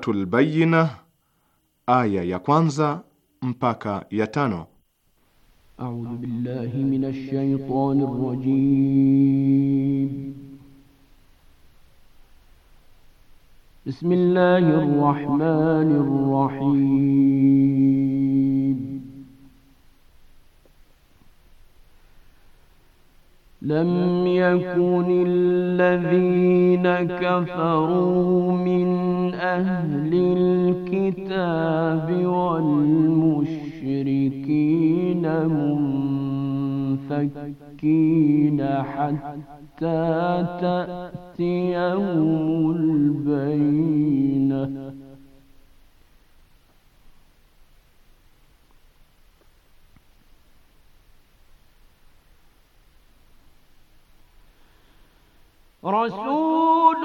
Suratul Bayyina aya ya kwanza mpaka ya tano. A'udhu billahi minash shaitani rrajim. Bismillahir rahmanir rahim. Lam yakuni alladhina kafaru min أهل الكتاب والمشركين منفكين حتى تأتيهم البينة رسول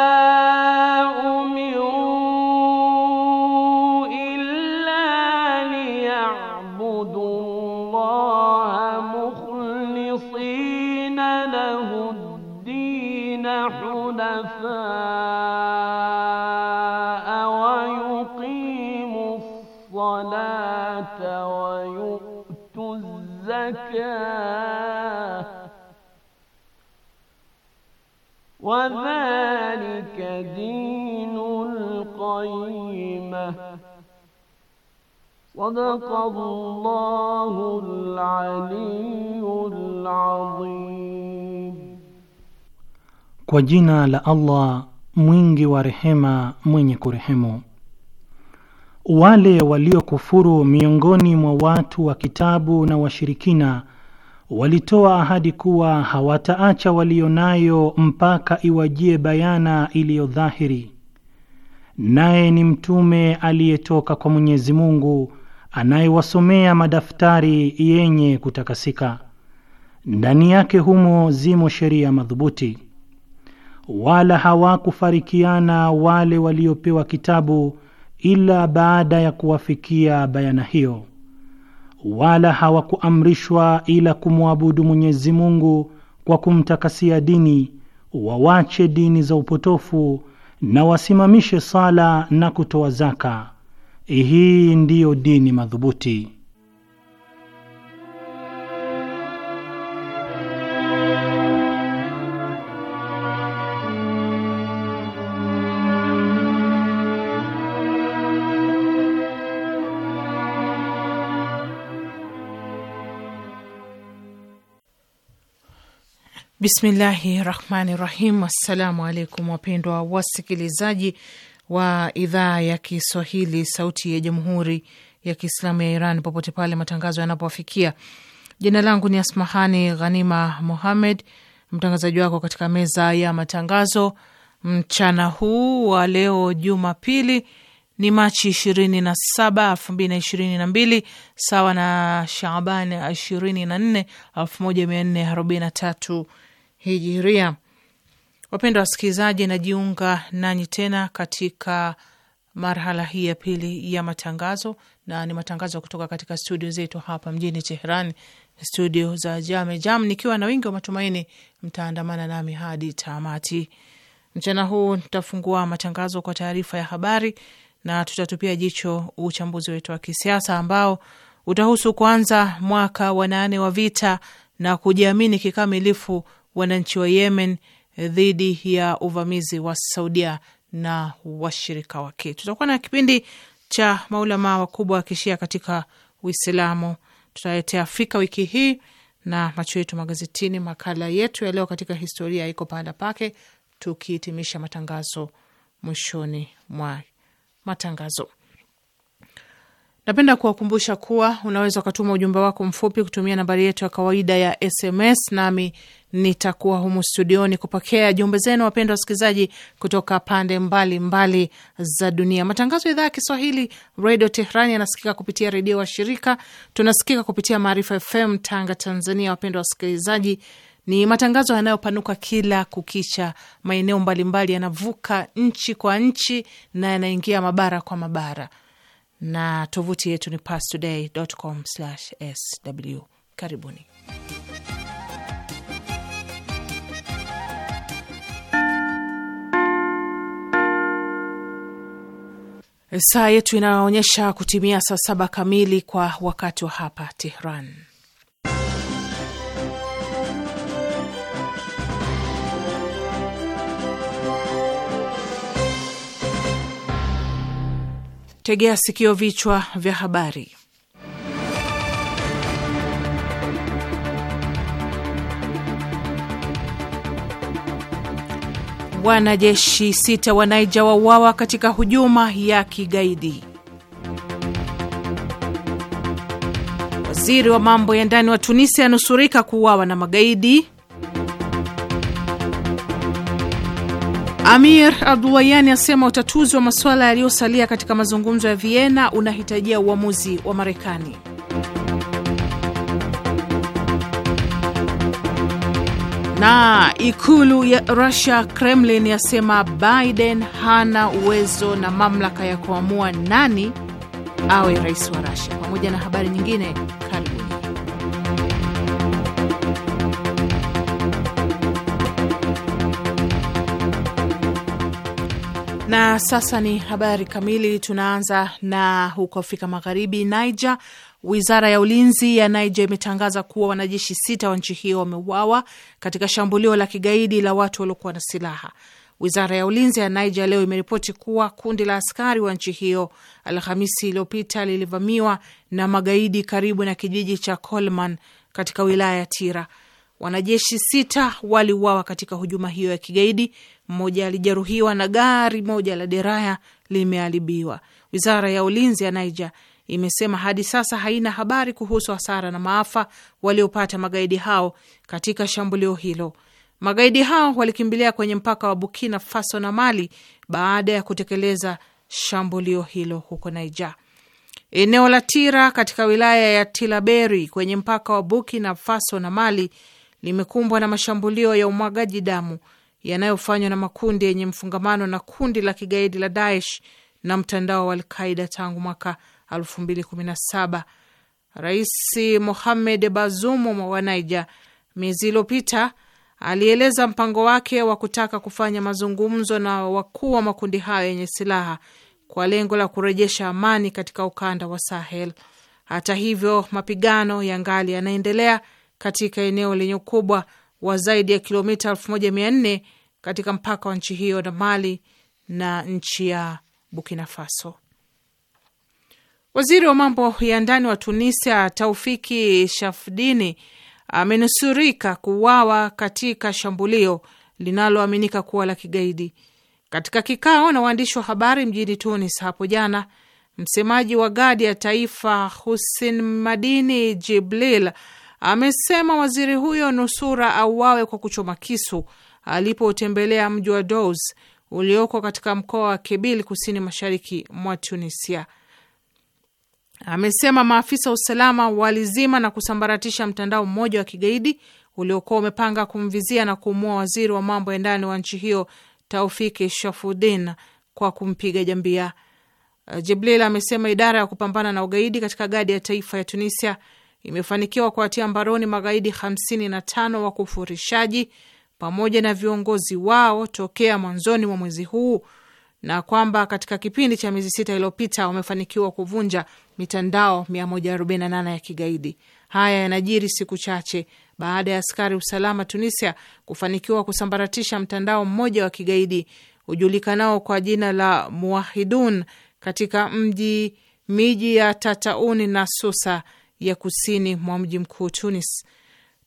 وذلك دين القيمة صدق الله العلي العظيم kwa jina la Allah mwingi wa rehema mwenye kurehemu wale waliokufuru miongoni mwa watu wa kitabu na washirikina walitoa ahadi kuwa hawataacha nayo mpaka iwajie bayana iliyo dhahiri, naye ni mtume aliyetoka kwa Mwenyezi Mungu anayewasomea madaftari yenye kutakasika, ndani yake humo zimo sheria madhubuti. Wala hawakufarikiana wale waliopewa kitabu ila baada ya kuwafikia bayana hiyo, wala hawakuamrishwa ila kumwabudu Mwenyezi Mungu kwa kumtakasia dini, wawache dini za upotofu na wasimamishe sala na kutoa zaka. Hii ndiyo dini madhubuti. Bismillahi rahmani rahim. Assalamu alaikum wapendwa wasikilizaji wa idhaa ya Kiswahili sauti ya jamhuri ya Kiislamu ya Iran popote pale matangazo yanapowafikia. Jina langu ni Asmahani Ghanima muhamed mtangazaji wako katika meza ya matangazo mchana huu wa leo Jumapili ni Machi ishirini na saba elfu mbili na ishirini na mbili sawa na Shaabani ishirini na nne elfu moja mia nne arobaini na tatu hijiria. Wapendwa wasikilizaji, najiunga nanyi tena katika marhala hii ya pili ya matangazo, na ni matangazo kutoka katika studio zetu hapa mjini Teheran, studio za Jame Jam, nikiwa na wingi wa matumaini mtaandamana nami hadi tamati. Mchana huu tutafungua matangazo kwa taarifa ya habari na tutatupia jicho uchambuzi wetu wa kisiasa ambao utahusu kwanza mwaka wa nane wa vita na kujiamini kikamilifu wananchi wa Yemen dhidi ya uvamizi wa Saudia na washirika wake. Tutakuwa na kipindi cha maulamaa wakubwa wa kishia katika Uislamu, tutaletea Afrika wiki hii na macho yetu magazetini, makala yetu ya leo katika historia iko pahala pake, tukihitimisha matangazo mwishoni mwa matangazo. Napenda kuwakumbusha kuwa unaweza ukatuma ujumbe wako mfupi kutumia nambari yetu ya kawaida ya SMS, nami nitakuwa humu studioni kupokea jumbe zenu, wapendwa wasikilizaji, kutoka pande mbalimbali mbali za dunia. Matangazo ya idhaa ya Kiswahili redio Tehrani yanasikika kupitia redio washirika. Tunasikika kupitia Maarifa FM Tanga, Tanzania. Wapendwa wasikilizaji, ni matangazo yanayopanuka kila kukicha, maeneo mbalimbali, yanavuka nchi kwa nchi na yanaingia mabara kwa mabara na tovuti yetu ni pastoday.com/sw. Karibuni. Saa yetu inaonyesha kutimia saa saba kamili kwa wakati wa hapa Tehran. Tegea sikio, vichwa vya habari. Wanajeshi sita wa Naija wauawa katika hujuma ya kigaidi. Waziri wa mambo ya ndani wa Tunisia anusurika kuuawa na magaidi. Amir abdullayani asema utatuzi wa masuala yaliyosalia katika mazungumzo ya Vienna unahitajia uamuzi wa Marekani. Na ikulu ya Russia, Kremlin, yasema Biden hana uwezo na mamlaka ya kuamua nani awe rais wa Russia, pamoja na habari nyingine. Na sasa ni habari kamili. Tunaanza na huko Afrika Magharibi, Niger. Wizara ya ulinzi ya Niger imetangaza kuwa wanajeshi sita wa nchi hiyo wameuawa katika shambulio la kigaidi la watu waliokuwa na silaha. Wizara ya ulinzi ya Niger leo imeripoti kuwa kundi la askari wa nchi hiyo Alhamisi iliyopita lilivamiwa na magaidi karibu na kijiji cha Colman katika wilaya ya Tira. Wanajeshi sita waliuawa katika hujuma hiyo ya kigaidi mmoja alijeruhiwa na gari moja la deraya limeharibiwa. Wizara ya ulinzi ya Niger imesema hadi sasa haina habari kuhusu hasara na maafa waliopata magaidi hao katika shambulio hilo. Magaidi hao walikimbilia kwenye mpaka wa Burkina Faso na Mali baada ya kutekeleza shambulio hilo huko Niger. Eneo la Tira katika wilaya ya Tilaberi kwenye mpaka wa Burkina Faso na Mali limekumbwa na mashambulio ya umwagaji damu yanayofanywa na makundi yenye mfungamano na kundi la kigaidi la Daesh na mtandao wa Alqaida tangu mwaka 2017. Rais Mohamed Bazoum wa Niger miezi iliyopita alieleza mpango wake wa kutaka kufanya mazungumzo na wakuu wa makundi hayo yenye silaha kwa lengo la kurejesha amani katika ukanda wa Sahel. Hata hivyo, mapigano ya ngali yanaendelea katika eneo lenye ukubwa wa zaidi ya kilomita 1400 katika mpaka wa nchi hiyo na Mali na nchi ya Burkina Faso. Waziri wa mambo ya ndani wa Tunisia, Taufiki Shafdini, amenusurika kuuawa katika shambulio linaloaminika kuwa la kigaidi. Katika kikao na waandishi wa habari mjini Tunis hapo jana, msemaji wa Gadi ya Taifa Hussein Madini Jiblil amesema waziri huyo nusura auawe kwa kuchoma kisu alipotembelea mji wa Douz ulioko katika mkoa wa Kebil kusini mashariki mwa Tunisia. Amesema maafisa wa usalama walizima na kusambaratisha mtandao mmoja wa kigaidi uliokuwa umepanga kumvizia na kumua waziri wa mambo ya ndani wa nchi hiyo Taufiki Shafudin kwa kumpiga jambia. Jibril amesema idara ya kupambana na ugaidi katika gadi ya taifa ya Tunisia imefanikiwa kuwatia mbaroni magaidi 55 wa kufurishaji pamoja na viongozi wao tokea mwanzoni mwa mwezi huu na kwamba katika kipindi cha miezi sita iliyopita wamefanikiwa kuvunja mitandao 148 ya kigaidi. Haya yanajiri siku chache baada ya askari usalama Tunisia kufanikiwa kusambaratisha mtandao mmoja wa kigaidi ujulikanao kwa jina la Muwahidun katika mji miji ya Tatauni na Susa ya kusini mwa mji mkuu Tunis.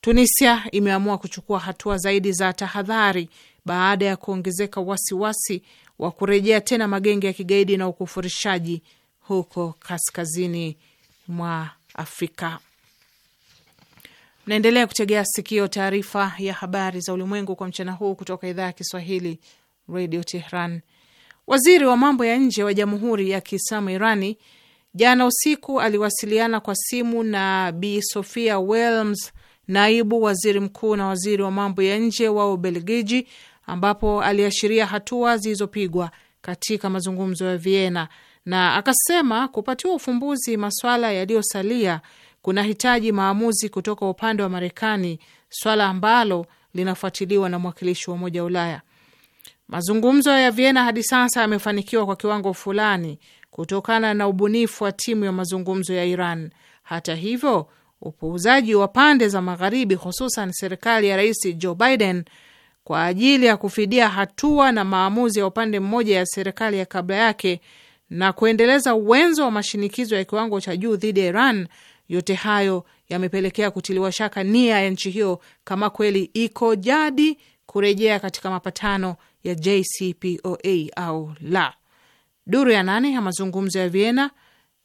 Tunisia imeamua kuchukua hatua zaidi za tahadhari baada ya kuongezeka wasiwasi wa kurejea tena magenge ya kigaidi na ukufurishaji huko kaskazini mwa Afrika. Naendelea kutegea sikio taarifa ya habari za ulimwengu kwa mchana huu kutoka idhaa ya Kiswahili Radio Tehran. Waziri wa mambo ya nje wa Jamhuri ya Kiislamu Irani Jana usiku aliwasiliana kwa simu na Bi Sofia Welms, naibu waziri mkuu na waziri wa mambo ya nje wa Ubelgiji, ambapo aliashiria hatua zilizopigwa katika mazungumzo ya Vienna na akasema kupatiwa ufumbuzi masuala yaliyosalia kuna hitaji maamuzi kutoka upande wa Marekani, swala ambalo linafuatiliwa na mwakilishi wa Umoja wa Ulaya. Mazungumzo ya Vienna hadi sasa yamefanikiwa kwa kiwango fulani kutokana na ubunifu wa timu ya mazungumzo ya Iran. Hata hivyo, upuuzaji wa pande za Magharibi, hususan serikali ya Rais Joe Biden kwa ajili ya kufidia hatua na maamuzi ya upande mmoja ya serikali ya kabla yake na kuendeleza uwenzo wa mashinikizo ya kiwango cha juu dhidi ya Iran, yote hayo yamepelekea kutiliwa shaka nia ya nchi hiyo kama kweli iko jadi kurejea katika mapatano ya JCPOA au la. Duru ya nane ya mazungumzo ya Vienna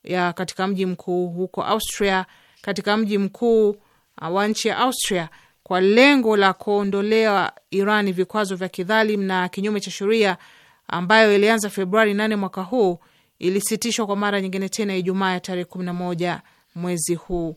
ya katika mji mkuu huko Austria, katika mji mkuu uh, wa nchi ya Austria kwa lengo la kuondolewa Iran vikwazo vya kidhalimu na kinyume cha sheria ambayo ilianza Februari 8 mwaka huu ilisitishwa kwa mara nyingine tena Ijumaa ya tarehe 11 mwezi huu.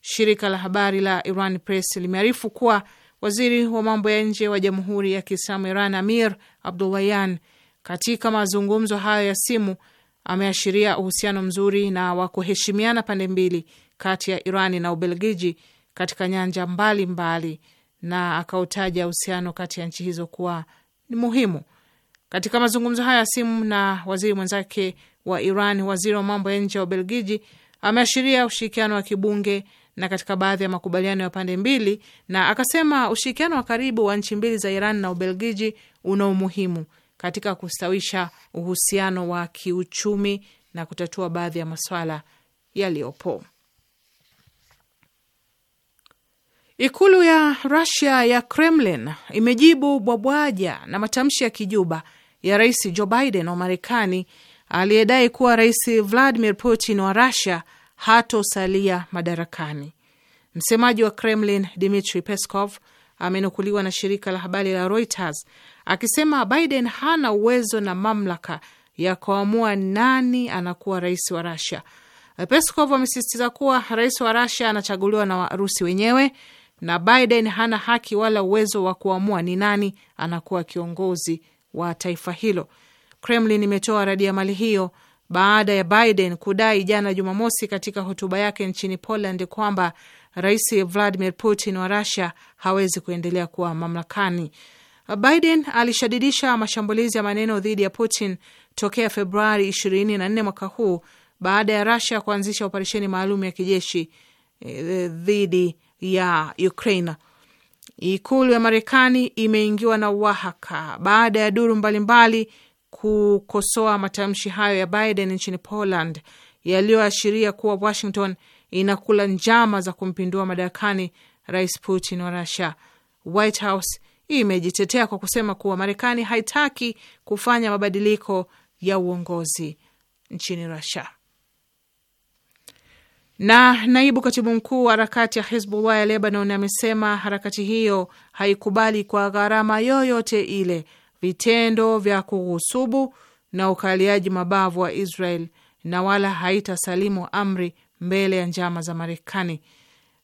Shirika la habari la Iran Press limearifu kuwa waziri wa mambo ya nje wa Jamhuri ya Kiislamu Iran Amir Abdullahian katika mazungumzo hayo ya simu ameashiria uhusiano mzuri na wa kuheshimiana pande mbili kati ya Irani na Ubelgiji katika nyanja mbalimbali mbali, na akautaja uhusiano kati ya nchi hizo kuwa ni muhimu. Katika mazungumzo hayo ya simu na waziri mwenzake wa Iran, waziri wa mambo ya nje wa Ubelgiji ameashiria ushirikiano wa kibunge na katika baadhi ya makubaliano ya pande mbili, na akasema ushirikiano wa karibu wa nchi mbili za Iran na Ubelgiji una umuhimu katika kustawisha uhusiano wa kiuchumi na kutatua baadhi ya maswala yaliyopo. Ikulu ya Rusia ya Kremlin imejibu bwabwaja na matamshi ya kijuba ya Rais Joe Biden wa Marekani aliyedai kuwa Rais Vladimir Putin wa Rusia hatosalia madarakani. Msemaji wa Kremlin Dmitri Peskov amenukuliwa na shirika la habari la Reuters akisema Biden hana uwezo na mamlaka ya kuamua nani anakuwa rais wa Rasia. Peskov amesisitiza kuwa rais wa Rasia anachaguliwa na Warusi wenyewe na Biden hana haki wala uwezo wa kuamua ni nani anakuwa kiongozi wa taifa hilo. Kremlin imetoa radi ya mali hiyo baada ya Biden kudai jana Jumamosi katika hotuba yake nchini Poland kwamba rais Vladimir Putin wa Rusia hawezi kuendelea kuwa mamlakani. Biden alishadidisha mashambulizi ya maneno dhidi ya Putin tokea Februari 24 mwaka huu baada ya rusia kuanzisha operesheni maalum ya kijeshi eh, dhidi ya Ukraine. Ikulu ya Marekani imeingiwa na wahaka baada ya duru mbalimbali kukosoa matamshi hayo ya Biden nchini Poland yaliyoashiria kuwa Washington inakula njama za kumpindua madarakani rais Putin wa Russia. White House imejitetea kwa kusema kuwa Marekani haitaki kufanya mabadiliko ya uongozi nchini Rusia. Na naibu katibu mkuu wa harakati ya Hizbullah ya Lebanon amesema harakati hiyo haikubali kwa gharama yoyote ile vitendo vya kughusubu na ukaliaji mabavu wa Israel na wala haitasalimu amri mbele ya njama za Marekani.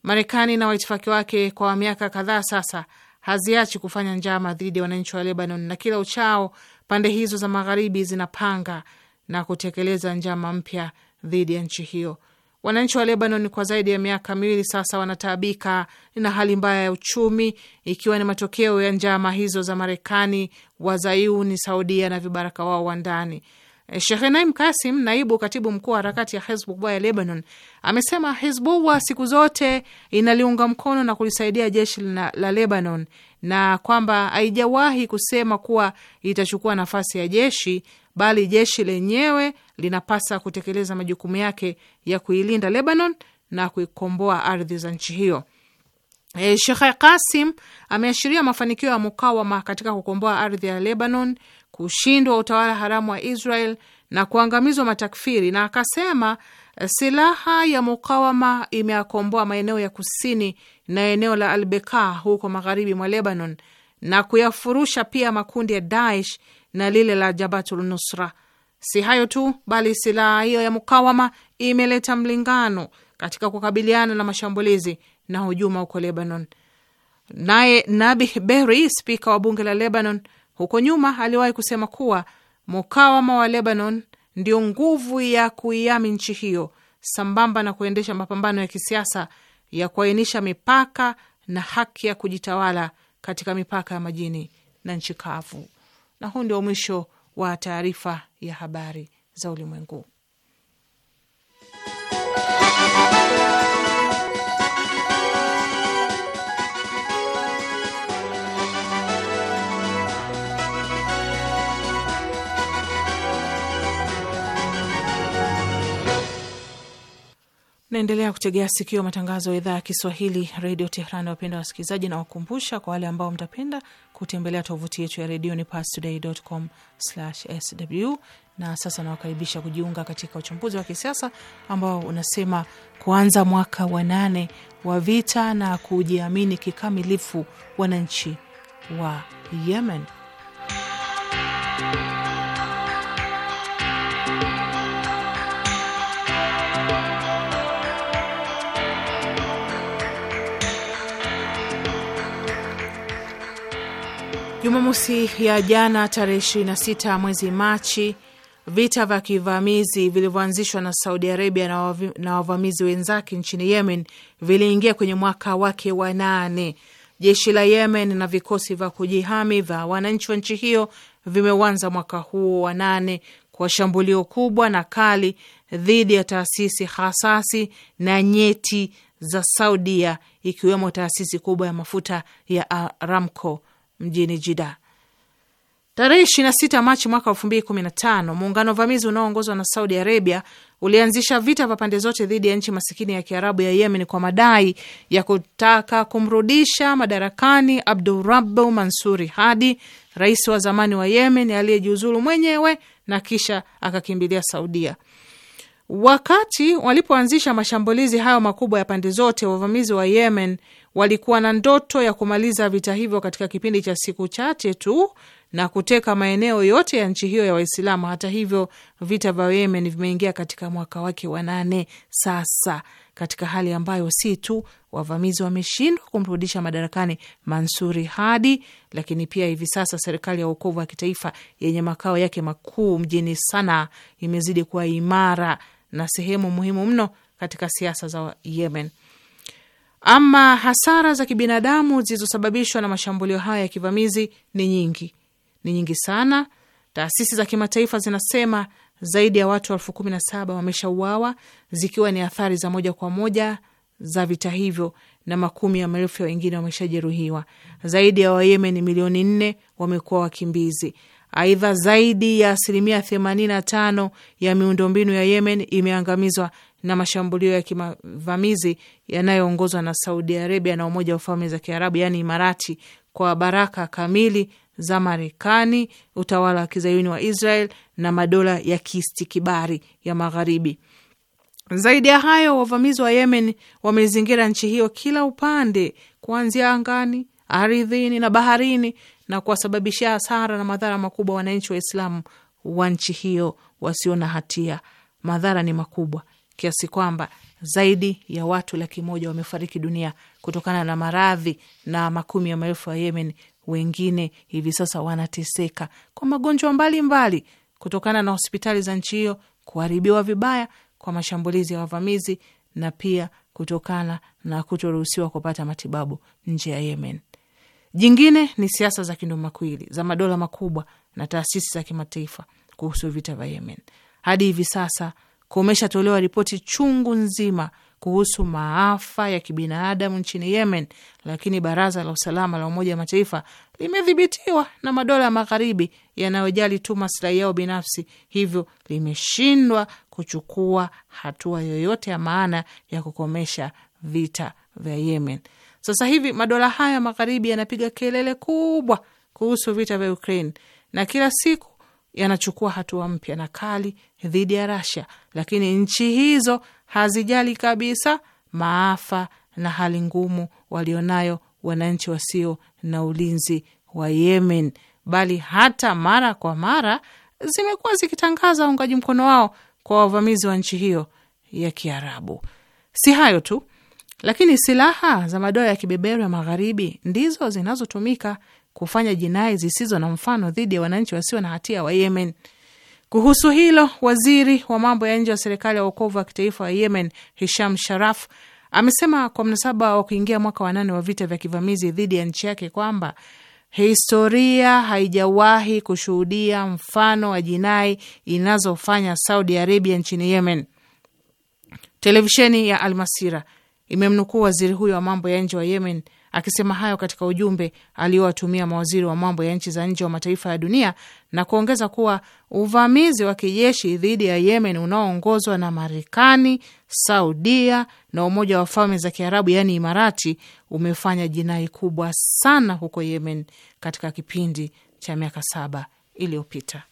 Marekani na waitifaki wake kwa miaka kadhaa sasa haziachi kufanya njama dhidi ya wananchi wa Lebanon, na kila uchao pande hizo za magharibi zinapanga na kutekeleza njama mpya dhidi ya nchi hiyo. Wananchi wa Lebanon kwa zaidi ya miaka miwili sasa wanataabika na hali mbaya ya uchumi, ikiwa ni matokeo ya njama hizo za Marekani, Wazayuni, Saudia na vibaraka wao wa ndani. Eh, Shehe Naim Kasim, naibu katibu mkuu wa harakati ya Hezbullah ya Lebanon, amesema Hezbullah siku zote inaliunga mkono na kulisaidia jeshi la, la Lebanon na kwamba haijawahi kusema kuwa itachukua nafasi ya jeshi, bali jeshi lenyewe linapasa kutekeleza majukumu yake ya kuilinda Lebanon na kuikomboa ardhi za nchi hiyo. E, Sheikh Kasim ameashiria mafanikio ya mukawama katika kukomboa ardhi ya Lebanon kushindwa utawala haramu wa Israel na kuangamizwa matakfiri, na akasema silaha ya mukawama imeakomboa maeneo ya kusini na eneo la Albeka huko magharibi mwa Lebanon na kuyafurusha pia makundi ya Daesh na lile la Jabatul Nusra. Si hayo tu, bali silaha hiyo ya mukawama imeleta mlingano katika kukabiliana na mashambulizi na hujuma huko Lebanon. Naye Nabih Berri, spika wa bunge la Lebanon, huko nyuma aliwahi kusema kuwa mukawama wa Lebanon ndio nguvu ya kuiami nchi hiyo, sambamba na kuendesha mapambano ya kisiasa ya kuainisha mipaka na haki ya kujitawala katika mipaka ya majini na nchi kavu. Na huu ndio mwisho wa taarifa ya habari za ulimwengu. Naendelea kutegea sikio matangazo ya idhaa ya Kiswahili redio Tehrani. Wapenda wasikilizaji, na wakumbusha kwa wale ambao mtapenda kutembelea tovuti yetu ya redio ni pastoday.com sw Na sasa nawakaribisha kujiunga katika uchambuzi wa kisiasa ambao unasema kuanza mwaka wa nane wa vita na kujiamini kikamilifu wananchi wa Yemen. Jumamosi ya jana tarehe 26 mwezi Machi, vita vya kivamizi vilivyoanzishwa na Saudi Arabia na wavamizi wenzake nchini Yemen viliingia kwenye mwaka wake wa nane. Jeshi la Yemen na vikosi vya kujihami vya wananchi wa nchi hiyo vimewanza mwaka huo wa nane kwa shambulio kubwa na kali dhidi ya taasisi hasasi na nyeti za Saudia, ikiwemo taasisi kubwa ya mafuta ya Aramco mjini Jida. Tarehe sita Machi mwaka tano muungano vamizi unaoongozwa na Saudi Arabia ulianzisha vita vya pande zote dhidi ya nchi masikini ya kiarabu ya Yemen kwa madai ya kutaka kumrudisha madarakani Abdurabu Mansuri Hadi, rais wa zamani wa Yemen aliyejiuzulu mwenyewe na kisha akakimbilia Saudia. Wakati walipoanzisha mashambulizi hayo makubwa ya pande zote, wavamizi wa Yemen walikuwa na ndoto ya kumaliza vita hivyo katika kipindi cha siku chache tu na kuteka maeneo yote ya nchi hiyo ya Waislamu. Hata hivyo, vita vya Yemen vimeingia katika mwaka wake wa nane sasa, katika hali ambayo si tu wavamizi wameshindwa kumrudisha madarakani Mansuri Hadi, lakini pia hivi sasa serikali ya uokovu wa kitaifa yenye makao yake makuu mjini sana imezidi kuwa imara na sehemu muhimu mno katika siasa za Yemen. Ama hasara za kibinadamu zilizosababishwa na mashambulio haya ya kivamizi ni nyingi, ni nyingi sana. Taasisi za kimataifa zinasema zaidi ya watu elfu kumi na saba wameshauawa zikiwa ni athari za moja kwa moja za vita hivyo, na makumi ya maelfu ya wengine wameshajeruhiwa. Zaidi ya Wayemen milioni nne wamekuwa wakimbizi. Aidha, zaidi ya asilimia tano ya miundombinu ya Yemen imeangamizwa na mashambulio ya kimavamizi yanayoongozwa na Saudi Arabia na Umoja wa Falme za Kiarabu, yaani Imarati, kwa baraka kamili za Marekani, utawala wa kizayuni wa Israel na madola ya kiistikibari ya Magharibi. Zaidi ya hayo, wavamizi wa Yemen wamezingira nchi hiyo kila upande, kuanzia angani, ardhini na baharini, na kuwasababishia hasara na madhara makubwa wananchi Waislamu wa nchi hiyo wasio na hatia. Madhara ni makubwa kiasi kwamba zaidi ya watu laki moja wamefariki dunia kutokana na maradhi na makumi ya maelfu ya Yemen wengine hivi sasa wanateseka kwa magonjwa mbalimbali kutokana na hospitali za nchi hiyo kuharibiwa vibaya kwa mashambulizi ya wavamizi na pia kutokana na kutoruhusiwa kupata matibabu nje ya Yemen. Jingine ni siasa za kindumakuwili za madola makubwa na taasisi za kimataifa kuhusu vita vya Yemen. Hadi hivi sasa kumeshatolewa ripoti chungu nzima kuhusu maafa ya kibinadamu nchini Yemen, lakini baraza la usalama la Umoja wa Mataifa limedhibitiwa na madola ya magharibi yanayojali tu maslahi yao binafsi, hivyo limeshindwa kuchukua hatua yoyote ya maana ya kukomesha vita vya Yemen. Sasa hivi madola haya magharibi yanapiga kelele kubwa kuhusu vita vya Ukraine na kila siku yanachukua hatua mpya na kali dhidi ya Rasia, lakini nchi hizo hazijali kabisa maafa na hali ngumu walionayo wananchi wasio na ulinzi wa Yemen, bali hata mara kwa mara zimekuwa zikitangaza uungaji mkono wao kwa wavamizi wa nchi hiyo ya Kiarabu. Si hayo tu, lakini silaha za madola ya kibeberu ya magharibi ndizo zinazotumika kufanya jinai zisizo na mfano dhidi ya wananchi wasio na hatia wa Yemen. Kuhusu hilo, waziri wa mambo ya nje wa serikali ya uokovu wa kitaifa wa Yemen, Hisham Sharaf, amesema kwa mnasaba wa kuingia mwaka wa nane wa vita vya kivamizi dhidi ya nchi yake kwamba historia haijawahi kushuhudia mfano wa jinai inazofanya Saudi Arabia nchini Yemen. Televisheni ya Almasira imemnukuu waziri huyo wa mambo ya nje wa Yemen akisema hayo katika ujumbe aliowatumia mawaziri wa mambo ya nchi za nje wa mataifa ya dunia na kuongeza kuwa uvamizi wa kijeshi dhidi ya Yemen unaoongozwa na Marekani, Saudia na Umoja wa Falme za Kiarabu yaani Imarati umefanya jinai kubwa sana huko Yemen katika kipindi cha miaka saba iliyopita.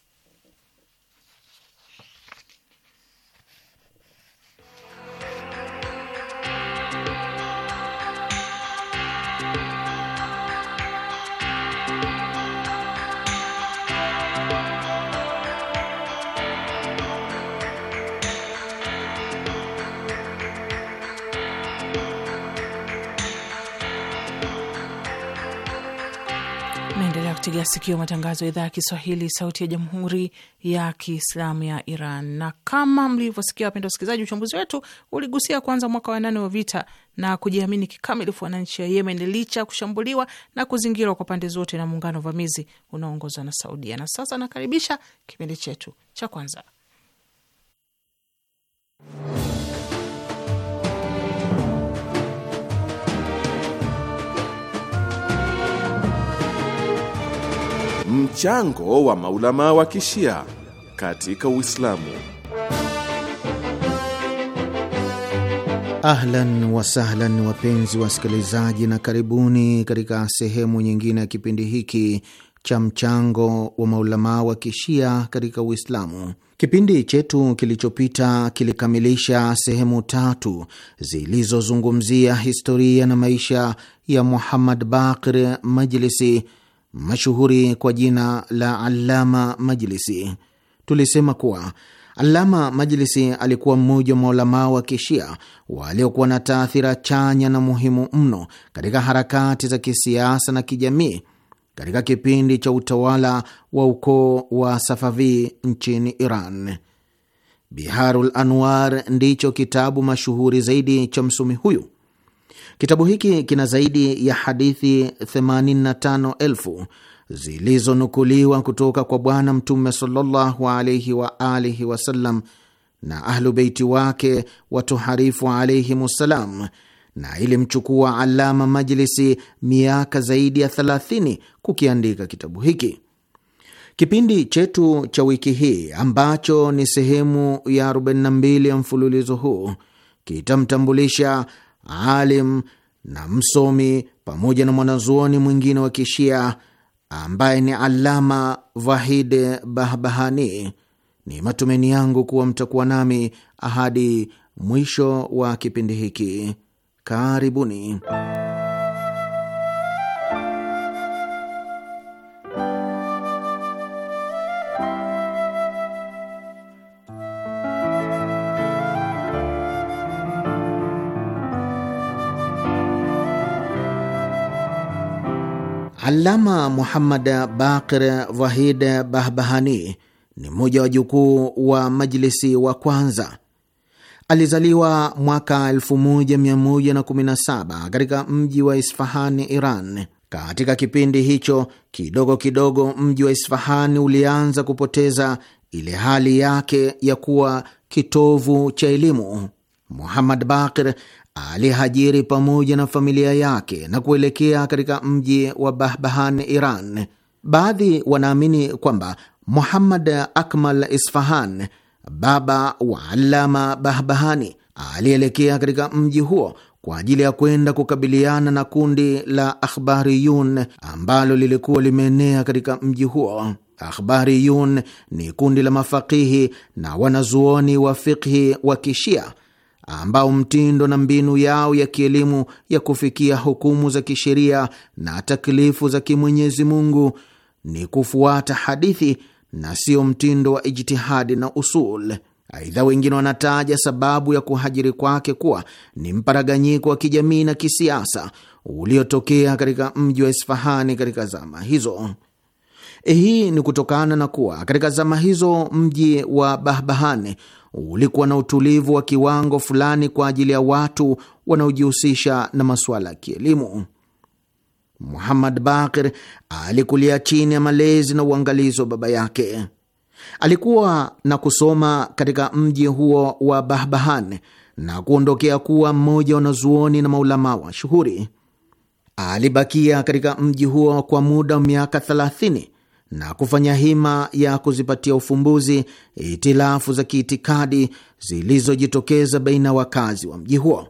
sikio matangazo ya idhaa ya Kiswahili, sauti ya jamhuri ya kiislamu ya Iran. Na kama mlivyosikia, wapenda wasikilizaji, uchambuzi wetu uligusia kwanza mwaka wa nane wa vita na kujiamini kikamilifu wananchi ya Yemen licha ya kushambuliwa na kuzingirwa kwa pande zote na muungano vamizi unaoongozwa na Saudia. Na sasa nakaribisha kipindi chetu cha kwanza Mchango wa maulama wa kishia katika Uislamu. Ahlan wasahlan, wapenzi wasikilizaji, na karibuni katika sehemu nyingine ya kipindi hiki cha mchango wa maulamaa wa kishia katika Uislamu. Kipindi chetu kilichopita kilikamilisha sehemu tatu zilizozungumzia historia na maisha ya Muhammad Baqir Majlisi mashuhuri kwa jina la Allama Majlisi. Tulisema kuwa Allama Majlisi alikuwa mmoja wa maulamaa wa kishia waliokuwa na taathira chanya na muhimu mno katika harakati za kisiasa na kijamii katika kipindi cha utawala wa ukoo wa Safavi nchini Iran. Biharul Anwar ndicho kitabu mashuhuri zaidi cha msomi huyu Kitabu hiki kina zaidi ya hadithi 85,000 zilizonukuliwa kutoka kwa Bwana Mtume sallallahu alaihi wa alihi wasallam na Ahlubeiti wake watoharifu alaihimussalam, na ilimchukua Alama Majlisi miaka zaidi ya 30 kukiandika kitabu hiki. Kipindi chetu cha wiki hii ambacho ni sehemu ya 42 ya mfululizo huu kitamtambulisha alim na msomi pamoja na mwanazuoni mwingine wa kishia ambaye ni Alama Vahid Bahbahani. Ni matumaini yangu kuwa mtakuwa nami ahadi mwisho wa kipindi hiki. Karibuni. alama Muhammad Baqir Wahid Bahbahani ni mmoja wa jukuu wa Majlisi wa kwanza. Alizaliwa mwaka 1117 katika mji wa Isfahani, Iran. Katika kipindi hicho, kidogo kidogo mji wa Isfahani ulianza kupoteza ile hali yake ya kuwa kitovu cha elimu. Muhammad Baqir alihajiri pamoja na familia yake na kuelekea katika mji wa Bahbahan, Iran. Baadhi wanaamini kwamba Muhammad Akmal Isfahan, baba wa Alama Bahbahani, alielekea katika mji huo kwa ajili ya kwenda kukabiliana na kundi la Akhbariyun ambalo lilikuwa limeenea katika mji huo. Akhbariyun ni kundi la mafakihi na wanazuoni wa fikhi wa Kishia ambao mtindo na mbinu yao ya kielimu ya kufikia hukumu za kisheria na taklifu za kimwenyezi Mungu ni kufuata hadithi na sio mtindo wa ijtihadi na usul. Aidha, wengine wanataja sababu ya kuhajiri kwake kuwa ni mparaganyiko wa kijamii na kisiasa uliotokea katika mji wa Isfahani katika zama hizo. Hii ni kutokana na kuwa katika zama hizo mji wa Bahbahani ulikuwa na utulivu wa kiwango fulani kwa ajili ya watu wanaojihusisha na masuala ya kielimu. Muhammad Bakir alikulia chini ya malezi na uangalizi wa baba yake. Alikuwa na kusoma katika mji huo wa Bahbahan na kuondokea kuwa mmoja wa wanazuoni na maulamaa wa shuhuri. Alibakia katika mji huo kwa muda wa miaka 30 na kufanya hima ya kuzipatia ufumbuzi itilafu za kiitikadi zilizojitokeza baina wakazi wa mji huo.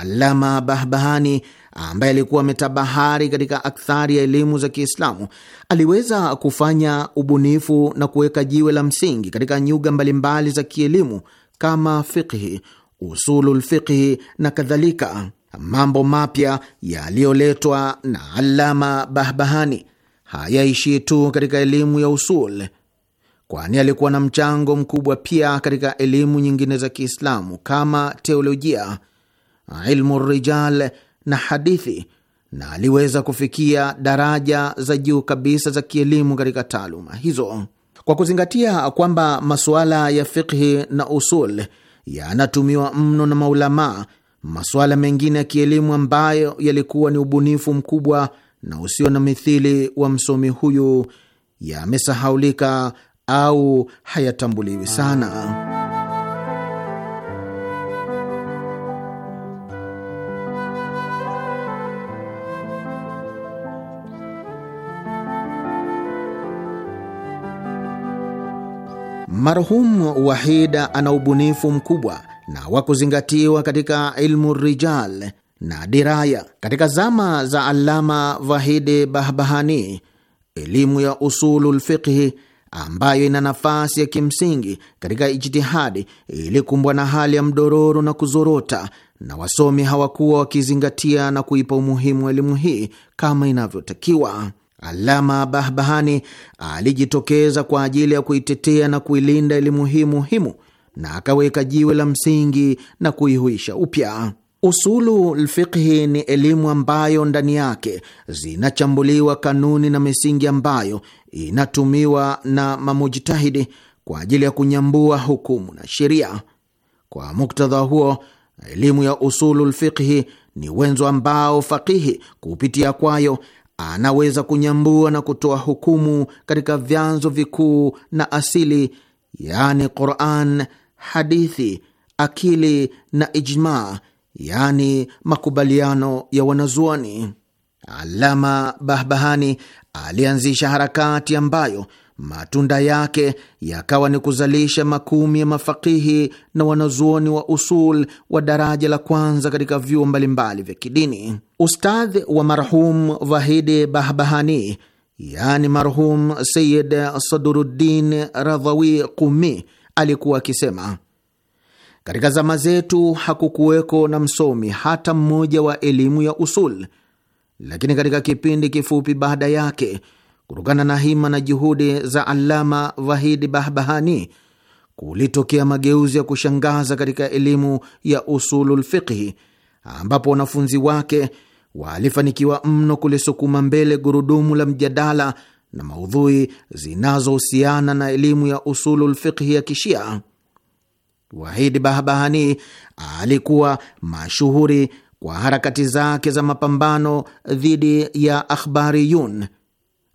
Alama Bahbahani ambaye alikuwa ametabahari katika akthari ya elimu za Kiislamu aliweza kufanya ubunifu na kuweka jiwe la msingi katika nyuga mbalimbali za kielimu kama fiqhi, usulul fiqhi na kadhalika, mambo mapya yaliyoletwa na Alama Bahbahani hayaishi tu katika elimu ya usul, kwani alikuwa na mchango mkubwa pia katika elimu nyingine za Kiislamu kama teolojia, ilmu rijal na hadithi, na aliweza kufikia daraja za juu kabisa za kielimu katika taaluma hizo. Kwa kuzingatia kwamba masuala ya fikhi na usul yanatumiwa mno na maulamaa, masuala mengine ya kielimu ambayo yalikuwa ni ubunifu mkubwa na usio na mithili wa msomi huyu yamesahaulika au hayatambuliwi sana. Marhum Wahida ana ubunifu mkubwa na wa kuzingatiwa katika ilmu rijal na diraya. Katika zama za Allama Vahidi Bahbahani, elimu ya usulul fiqhi ambayo ina nafasi ya kimsingi katika ijtihadi ilikumbwa na hali ya mdororo na kuzorota, na wasomi hawakuwa wakizingatia na kuipa umuhimu elimu hii kama inavyotakiwa. Alama Bahbahani alijitokeza kwa ajili ya kuitetea na kuilinda elimu hii muhimu na akaweka jiwe la msingi na kuihuisha upya. Usulu lfiqhi ni elimu ambayo ndani yake zinachambuliwa kanuni na misingi ambayo inatumiwa na mamujtahidi kwa ajili ya kunyambua hukumu na sheria. Kwa muktadha huo, elimu ya usulu lfiqhi ni wenzo ambao faqihi kupitia kwayo anaweza kunyambua na kutoa hukumu katika vyanzo vikuu na asili, yaani Quran, hadithi, akili na ijmaa yaani makubaliano ya wanazuoni. Alama Bahbahani alianzisha harakati ambayo matunda yake yakawa ni kuzalisha makumi ya mafakihi na wanazuoni wa usul wa daraja la kwanza katika vyuo mbalimbali vya kidini. Ustadh wa marhum Vahidi Bahbahani, yaani marhum Sayid Saduruddin Radhawi Qumi, alikuwa akisema katika zama zetu hakukuweko na msomi hata mmoja wa elimu ya usul, lakini katika kipindi kifupi baada yake, kutokana na hima na juhudi za Allama Vahidi Bahbahani, kulitokea mageuzi ya kushangaza katika elimu ya usulul fiqhi, ambapo wanafunzi wake walifanikiwa mno kulisukuma mbele gurudumu la mjadala na maudhui zinazohusiana na elimu ya usulul fiqhi ya Kishia. Wahidi Bahbahani alikuwa mashuhuri kwa harakati zake za mapambano dhidi ya Akhbariyun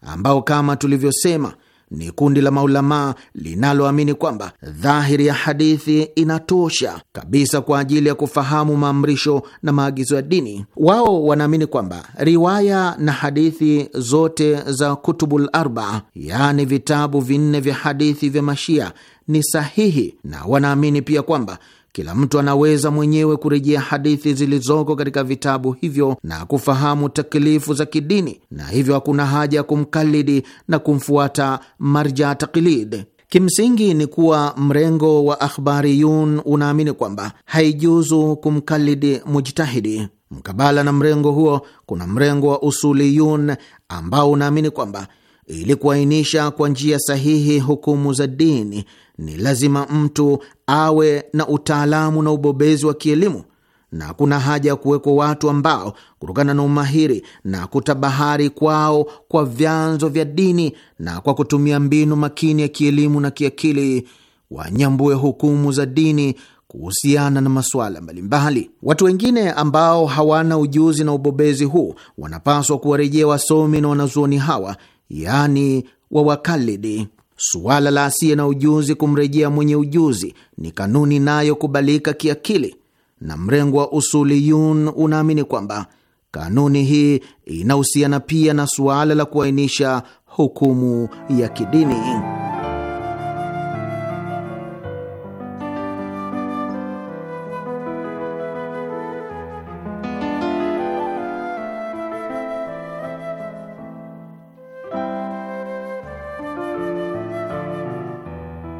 ambao kama tulivyosema ni kundi la maulamaa linaloamini kwamba dhahiri ya hadithi inatosha kabisa kwa ajili ya kufahamu maamrisho na maagizo ya dini. Wao wanaamini kwamba riwaya na hadithi zote za kutubul arba, yaani vitabu vinne vya hadithi vya Mashia, ni sahihi, na wanaamini pia kwamba kila mtu anaweza mwenyewe kurejea hadithi zilizoko katika vitabu hivyo na kufahamu taklifu za kidini, na hivyo hakuna haja ya kumkalidi na kumfuata marja taklid. Kimsingi ni kuwa mrengo wa akhbariyun unaamini kwamba haijuzu kumkalidi mujtahidi. Mkabala na mrengo huo, kuna mrengo wa usuliyun ambao unaamini kwamba ili kuainisha kwa njia sahihi hukumu za dini ni lazima mtu awe na utaalamu na ubobezi wa kielimu, na kuna haja ya kuwekwa watu ambao kutokana na umahiri na kutabahari kwao kwa vyanzo vya dini na kwa kutumia mbinu makini ya kielimu na kiakili wanyambue hukumu za dini kuhusiana na masuala mbalimbali. Watu wengine ambao hawana ujuzi na ubobezi huu wanapaswa kuwarejea wasomi na wanazuoni hawa, yaani wawakalidi. Suala la asiye na ujuzi kumrejea mwenye ujuzi ni kanuni inayokubalika kiakili, na mrengo wa usuliyun unaamini kwamba kanuni hii inahusiana pia na suala la kuainisha hukumu ya kidini.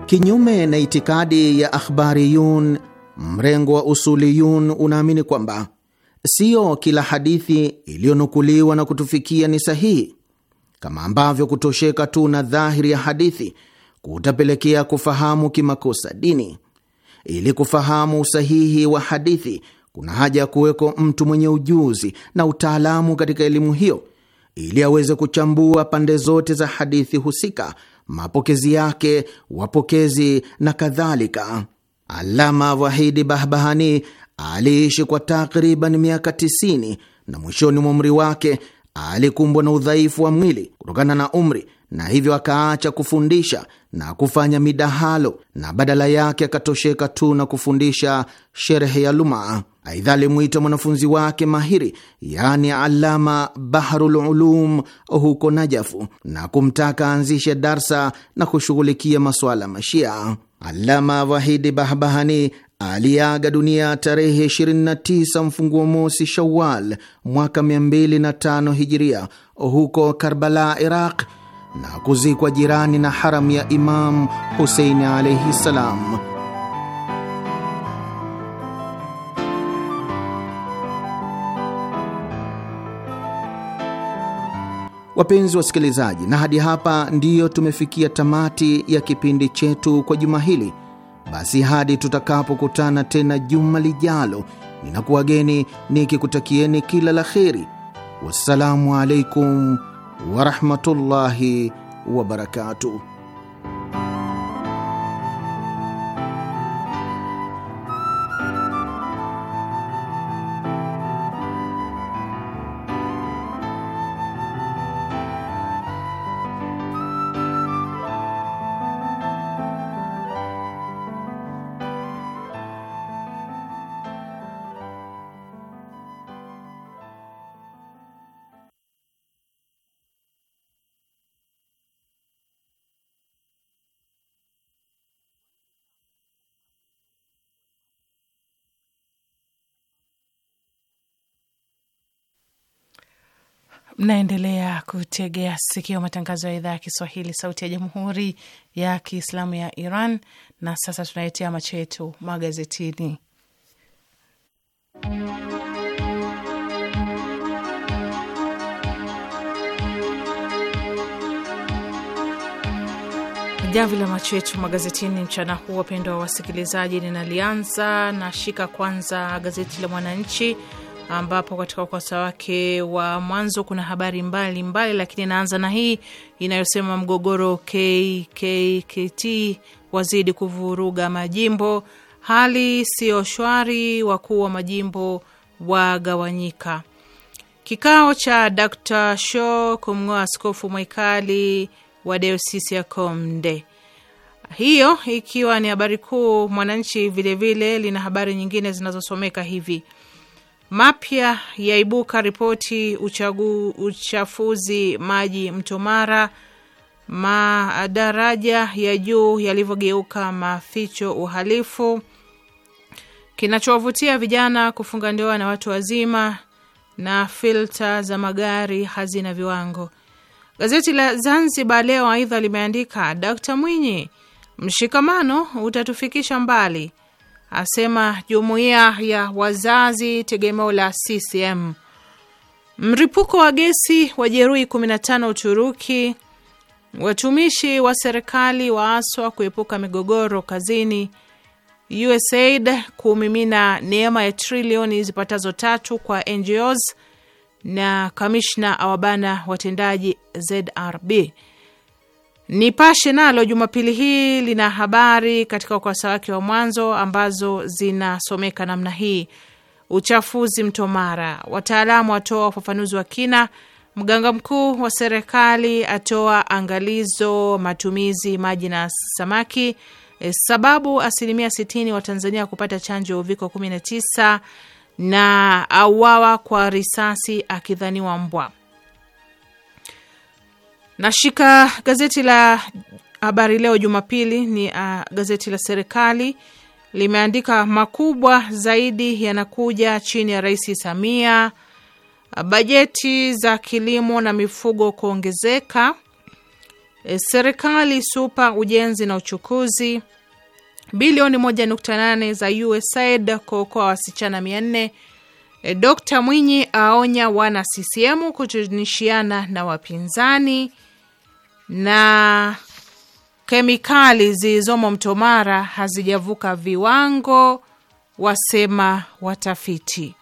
Kinyume na itikadi ya akhbariyun, mrengo wa usuliyun unaamini kwamba siyo kila hadithi iliyonukuliwa na kutufikia ni sahihi, kama ambavyo kutosheka tu na dhahiri ya hadithi kutapelekea kufahamu kimakosa dini. Ili kufahamu usahihi wa hadithi, kuna haja ya kuweko mtu mwenye ujuzi na utaalamu katika elimu hiyo, ili aweze kuchambua pande zote za hadithi husika mapokezi yake, wapokezi na kadhalika. Alama Wahidi Bahbahani aliishi kwa takriban miaka 90 na mwishoni mwa umri wake alikumbwa na udhaifu wa mwili kutokana na umri, na hivyo akaacha kufundisha na kufanya midahalo na badala yake akatosheka tu na kufundisha sherehe ya luma. Aidha, alimwita mwanafunzi wake mahiri, yaani Alama Bahrul Ulum huko Najafu, na kumtaka aanzishe darsa na kushughulikia masuala Mashia. Alama Wahidi Bahbahani aliyeaga dunia tarehe 29 mfunguo mosi Shawal mwaka 205 Hijiria huko Karbala, Iraq, na kuzikwa jirani na haramu ya Imam Huseini alaihi ssalam. Wapenzi wasikilizaji, na hadi hapa ndiyo tumefikia tamati ya kipindi chetu kwa juma hili. Basi hadi tutakapokutana tena juma lijalo, ninakuwageni nikikutakieni kila la kheri. Wassalamu alaikum warahmatullahi wabarakatuh. Mnaendelea kutegea sikio matangazo ya idhaa ya Kiswahili, sauti ya jamhuri ya kiislamu ya Iran. Na sasa tunaletea macho yetu magazetini. Jamvi la macho yetu magazetini mchana huu, wapendwa wasikilizaji, ninalianza na shika kwanza gazeti la Mwananchi ambapo katika ukurasa wake wa mwanzo kuna habari mbalimbali mbali, lakini naanza na hii inayosema mgogoro KKKT wazidi kuvuruga majimbo, hali siyo shwari, wakuu wa majimbo wagawanyika. Kikao cha Dr Shaw kumng'oa askofu Mwaikali wa dayosisi ya Komde. Hiyo ikiwa ni habari kuu. Mwananchi vilevile lina habari nyingine zinazosomeka hivi: Mapya yaibuka ripoti uchagu, uchafuzi maji mto Mara. Madaraja ya juu yalivyogeuka maficho uhalifu. Kinachowavutia vijana kufunga ndoa na watu wazima, na filta za magari hazina viwango. Gazeti la Zanzibar Leo aidha limeandika Dkt Mwinyi, mshikamano utatufikisha mbali, asema jumuiya ya wazazi tegemeo la CCM. Mripuko wa gesi wajeruhi 15 Uturuki. Watumishi wa serikali waaswa kuepuka migogoro kazini. USAID kumimina neema ya trilioni zipatazo tatu kwa NGOs na kamishna awabana watendaji ZRB. Nipashe nalo Jumapili hii lina habari katika ukurasa wake wa mwanzo ambazo zinasomeka namna hii: uchafuzi mto Mara, wataalamu watoa ufafanuzi wa kina, mganga mkuu wa serikali atoa angalizo matumizi maji na samaki, e, sababu asilimia 60 wa Tanzania kupata chanjo ya uviko 19, na auawa kwa risasi akidhaniwa mbwa. Nashika gazeti la Habari Leo Jumapili ni uh, gazeti la serikali limeandika makubwa zaidi yanakuja chini ya Rais Samia. Bajeti za kilimo na mifugo kuongezeka. E, serikali supa ujenzi na uchukuzi. Bilioni 1.8 za USAID kuokoa wasichana 400. E, Dkt Mwinyi aonya wana CCM kutunishiana na wapinzani na kemikali zilizomo mto Mara hazijavuka viwango, wasema watafiti.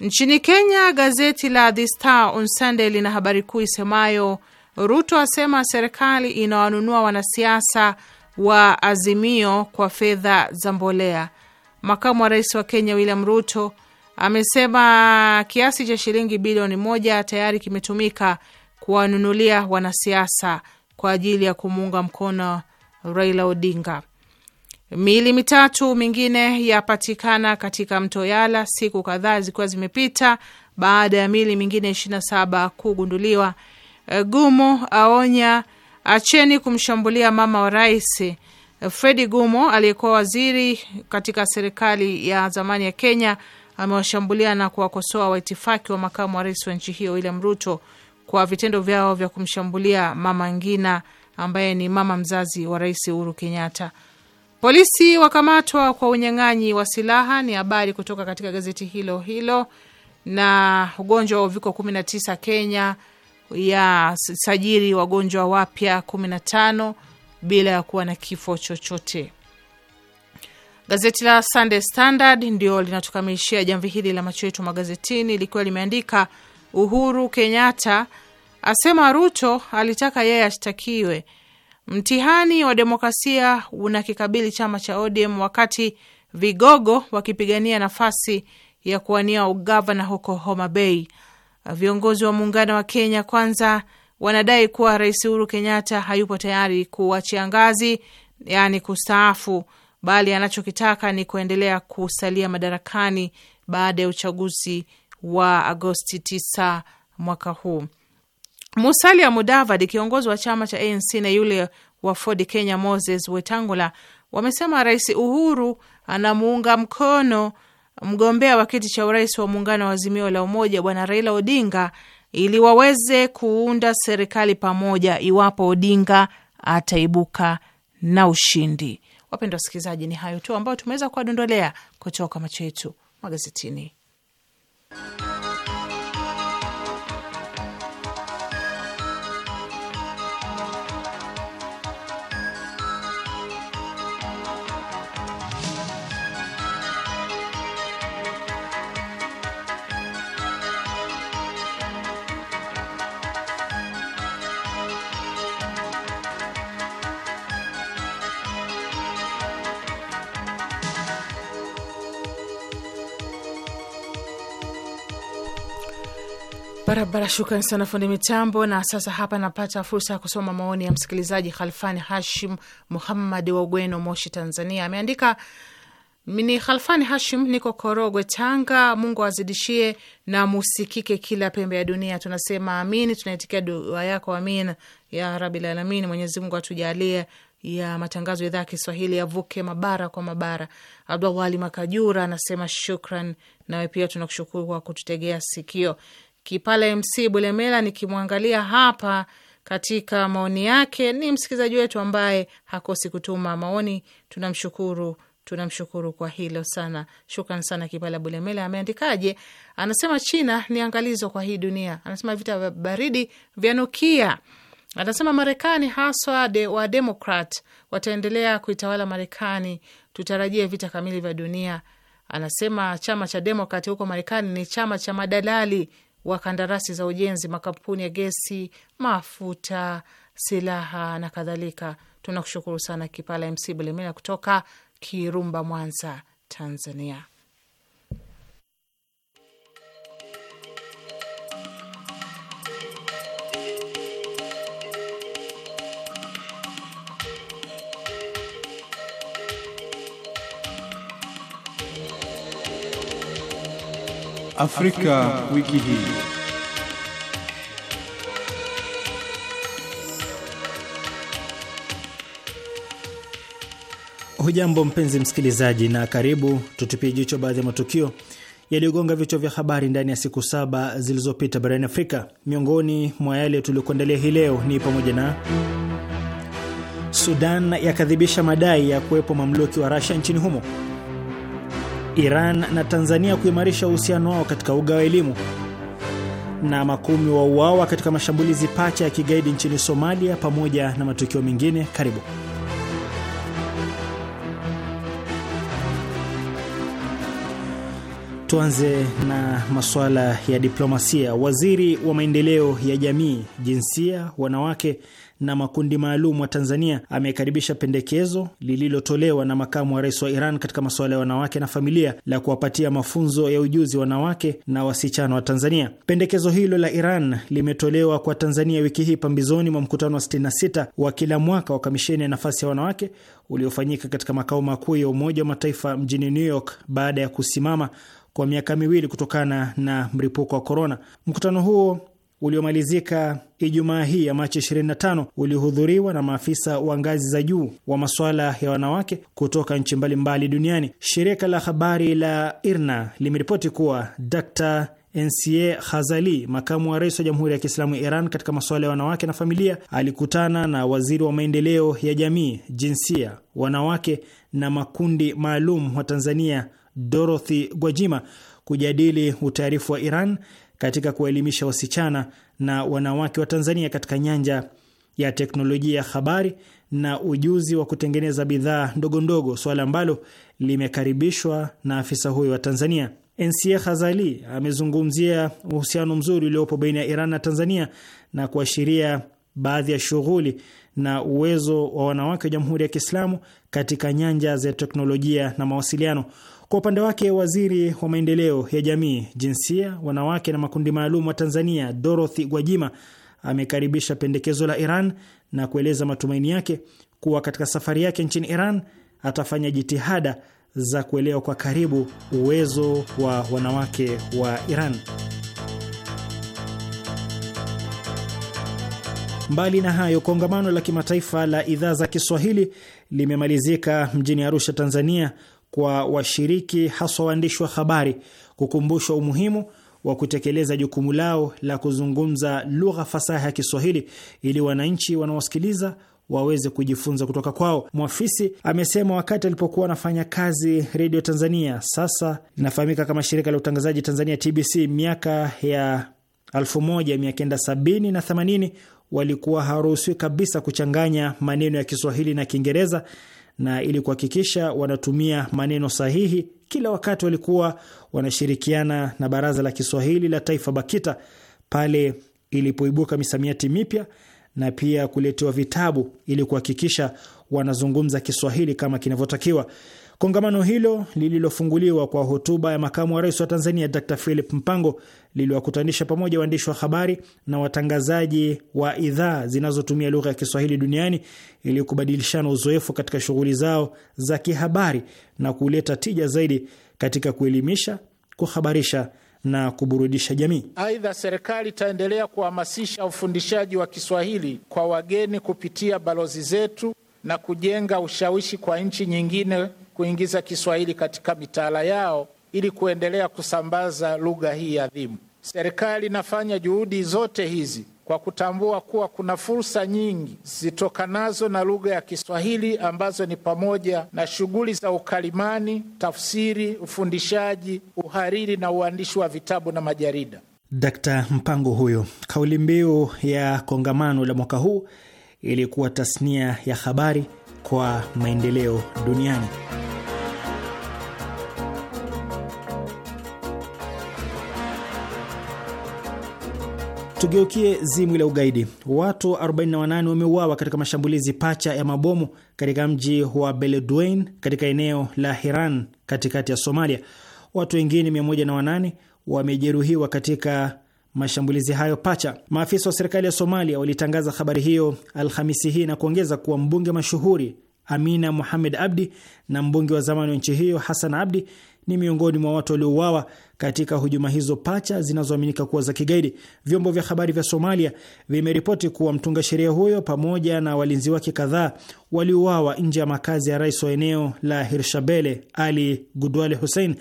Nchini Kenya, gazeti la The Star on Sunday lina habari kuu isemayo Ruto asema serikali inawanunua wanasiasa wa Azimio kwa fedha za mbolea. Makamu wa rais wa Kenya William Ruto amesema kiasi cha shilingi bilioni moja tayari kimetumika kuwanunulia wanasiasa kwa ajili ya kumuunga mkono Raila Odinga. Miili mitatu mingine yapatikana katika mto Yala siku kadhaa zikiwa zimepita baada ya miili mingine saba kugunduliwa. Eh, Gumo aonya acheni kumshambulia mama wa rais. Fredi Gumo aliyekuwa waziri katika serikali ya zamani ya Kenya amewashambulia na kuwakosoa waitifaki wa makamu wa rais wa nchi hiyo William Ruto kwa vitendo vyao vya kumshambulia mama Ngina ambaye ni mama mzazi wa Rais Uhuru Kenyatta. Polisi wakamatwa kwa unyang'anyi wa silaha, ni habari kutoka katika gazeti hilo hilo. Na ugonjwa wa uviko 19 Kenya ya sajiri wagonjwa wapya 15 bila ya kuwa na kifo chochote. Gazeti la Sunday Standard ndio linatukamilishia jamvi hili la macho yetu magazetini likiwa limeandika Uhuru Kenyatta asema Ruto alitaka yeye ashtakiwe. Mtihani wa demokrasia unakikabili chama cha ODM wakati vigogo wakipigania nafasi ya kuwania ugavana huko Homa Bay. Viongozi wa muungano wa Kenya Kwanza wanadai kuwa Rais Uhuru Kenyatta hayupo tayari kuachia ngazi, yaani kustaafu, bali anachokitaka ni kuendelea kusalia madarakani baada ya uchaguzi wa Agosti 9 mwaka huu. Musalia Mudavadi, kiongozi wa chama cha ANC na yule wa Ford Kenya Moses Wetangula wamesema Rais Uhuru anamuunga mkono mgombea wa kiti cha urais wa muungano wa Azimio la Umoja Bwana Raila Odinga ili waweze kuunda serikali pamoja iwapo Odinga ataibuka na ushindi. Wapendwa wasikilizaji, ni hayo tu ambayo tumeweza kuwadondolea kutoka macho yetu magazetini. Thank you. Barabara, shukrani sana fundi mitambo. Na sasa hapa napata fursa ya kusoma maoni ya msikilizaji Khalfani Hashim Muhammad wa Ugweno, Moshi, Tanzania. Ameandika ni Khalfani Hashim, niko Korogwe, Tanga. Mungu azidishie na musikike kila pembe ya dunia. Tunasema amini, tunaitikia dua yako, amin ya rabil alamin. Mwenyezi Mungu atujalie ya matangazo ya idhaa ya Kiswahili yavuke mabara kwa mabara. Abdullah Ali Makajura anasema shukran. Nawe pia tunakushukuru kwa kututegea sikio. Kipale MC Bulemela, nikimwangalia hapa katika maoni yake, ni msikilizaji wetu ambaye hakosi kutuma maoni. Tunamshukuru, tunamshukuru kwa hilo sana. Shukran sana Kipala Bulemela. Ameandikaje? Anasema China ni angalizo kwa hii dunia. Anasema vita vya baridi nukia. Anasema Marekani haswa de, wa Demokrat wataendelea kuitawala Marekani, tutarajie vita kamili vya dunia. Anasema chama cha Demokrat huko Marekani ni chama cha madalali wa kandarasi za ujenzi, makampuni ya gesi, mafuta, silaha na kadhalika. Tunakushukuru sana Kipala MC Bulemela kutoka Kirumba, Mwanza, Tanzania. Afrika, wiki hii. Hujambo mpenzi msikilizaji, na karibu tutupie jicho baadhi ya matukio yaliyogonga vichwa vya habari ndani ya siku saba zilizopita barani Afrika. Miongoni mwa yale tuliokuandalia hii leo ni pamoja na Sudan yakadhibisha madai ya kuwepo mamluki wa Russia nchini humo Iran na Tanzania kuimarisha uhusiano wao katika uga wa elimu, na makumi wa uawa katika mashambulizi pacha ya kigaidi nchini Somalia, pamoja na matukio mengine. Karibu. Tuanze na masuala ya diplomasia. Waziri wa maendeleo ya jamii, jinsia, wanawake na makundi maalum wa Tanzania amekaribisha pendekezo lililotolewa na makamu wa rais wa Iran katika masuala ya wanawake na familia la kuwapatia mafunzo ya ujuzi wanawake na wasichana wa Tanzania. Pendekezo hilo la Iran limetolewa kwa Tanzania wiki hii pambizoni mwa mkutano wa 66 wa kila mwaka wa kamisheni ya nafasi ya wanawake uliofanyika katika makao makuu ya Umoja wa Mataifa mjini New York baada ya kusimama kwa miaka miwili kutokana na mlipuko wa korona. Mkutano huo uliomalizika Ijumaa hii ya Machi 25 ulihudhuriwa na maafisa wa ngazi za juu wa masuala ya wanawake kutoka nchi mbalimbali duniani. Shirika la habari la IRNA limeripoti kuwa Dr. Nca Khazali, makamu wa rais wa Jamhuri ya Kiislamu ya Iran katika masuala ya wanawake na familia, alikutana na waziri wa maendeleo ya jamii, jinsia, wanawake na makundi maalum wa Tanzania Dorothy Gwajima kujadili utaarifu wa Iran katika kuwaelimisha wasichana na wanawake wa Tanzania katika nyanja ya teknolojia ya habari na ujuzi wa kutengeneza bidhaa ndogo ndogo, swala ambalo limekaribishwa na afisa huyo wa Tanzania. Ensie Khazali amezungumzia uhusiano mzuri uliopo baina ya Iran na Tanzania na kuashiria baadhi ya shughuli na uwezo wa wanawake wa Jamhuri ya Kiislamu katika nyanja za teknolojia na mawasiliano. Kwa upande wake waziri wa maendeleo ya jamii, jinsia, wanawake na makundi maalum wa Tanzania, Dorothy Gwajima, amekaribisha pendekezo la Iran na kueleza matumaini yake kuwa katika safari yake nchini Iran atafanya jitihada za kuelewa kwa karibu uwezo wa wanawake wa Iran. Mbali na hayo, kongamano la kimataifa la idhaa za Kiswahili limemalizika mjini Arusha, Tanzania, kwa washiriki haswa waandishi wa habari kukumbushwa umuhimu wa kutekeleza jukumu lao la kuzungumza lugha fasaha ya Kiswahili ili wananchi wanaosikiliza waweze kujifunza kutoka kwao. Mwafisi amesema wakati alipokuwa anafanya kazi redio Tanzania, sasa inafahamika kama shirika la utangazaji Tanzania TBC, miaka ya 1970 na 80 walikuwa haruhusiwi kabisa kuchanganya maneno ya Kiswahili na Kiingereza na ili kuhakikisha wanatumia maneno sahihi, kila wakati walikuwa wanashirikiana na Baraza la Kiswahili la Taifa BAKITA pale ilipoibuka misamiati mipya na pia kuletewa vitabu ili kuhakikisha wanazungumza Kiswahili kama kinavyotakiwa. Kongamano hilo lililofunguliwa kwa hotuba ya makamu wa rais wa Tanzania Dr Philip Mpango liliwakutanisha pamoja waandishi wa habari na watangazaji wa idhaa zinazotumia lugha ya Kiswahili duniani ili kubadilishana uzoefu katika shughuli zao za kihabari na kuleta tija zaidi katika kuelimisha, kuhabarisha na kuburudisha jamii. Aidha, serikali itaendelea kuhamasisha ufundishaji wa Kiswahili kwa wageni kupitia balozi zetu na kujenga ushawishi kwa nchi nyingine kuingiza Kiswahili katika mitaala yao ili kuendelea kusambaza lugha hii adhimu. Serikali inafanya juhudi zote hizi kwa kutambua kuwa kuna fursa nyingi zitokanazo na lugha ya Kiswahili ambazo ni pamoja na shughuli za ukalimani, tafsiri, ufundishaji, uhariri na uandishi wa vitabu na majarida. Dkt. Mpango huyo. Kauli mbiu ya kongamano la mwaka huu ilikuwa tasnia ya habari kwa maendeleo duniani. Tugeukie zimwi la ugaidi. Watu 48 wameuawa katika mashambulizi pacha ya mabomu katika mji wa Beledweyne katika eneo la Hiran katikati ya Somalia. Watu wengine 108 wamejeruhiwa katika mashambulizi hayo pacha. Maafisa wa serikali ya Somalia walitangaza habari hiyo Alhamisi hii na kuongeza kuwa mbunge mashuhuri Amina Mohamed Abdi na mbunge wa zamani wa nchi hiyo Hassan Abdi ni miongoni mwa watu waliouawa katika hujuma hizo pacha zinazoaminika kuwa za kigaidi. Vyombo vya habari vya Somalia vimeripoti kuwa mtunga sheria huyo pamoja na walinzi wake kadhaa waliouawa nje ya makazi ya rais wa eneo la Hirshabele Ali Gudwale Hussein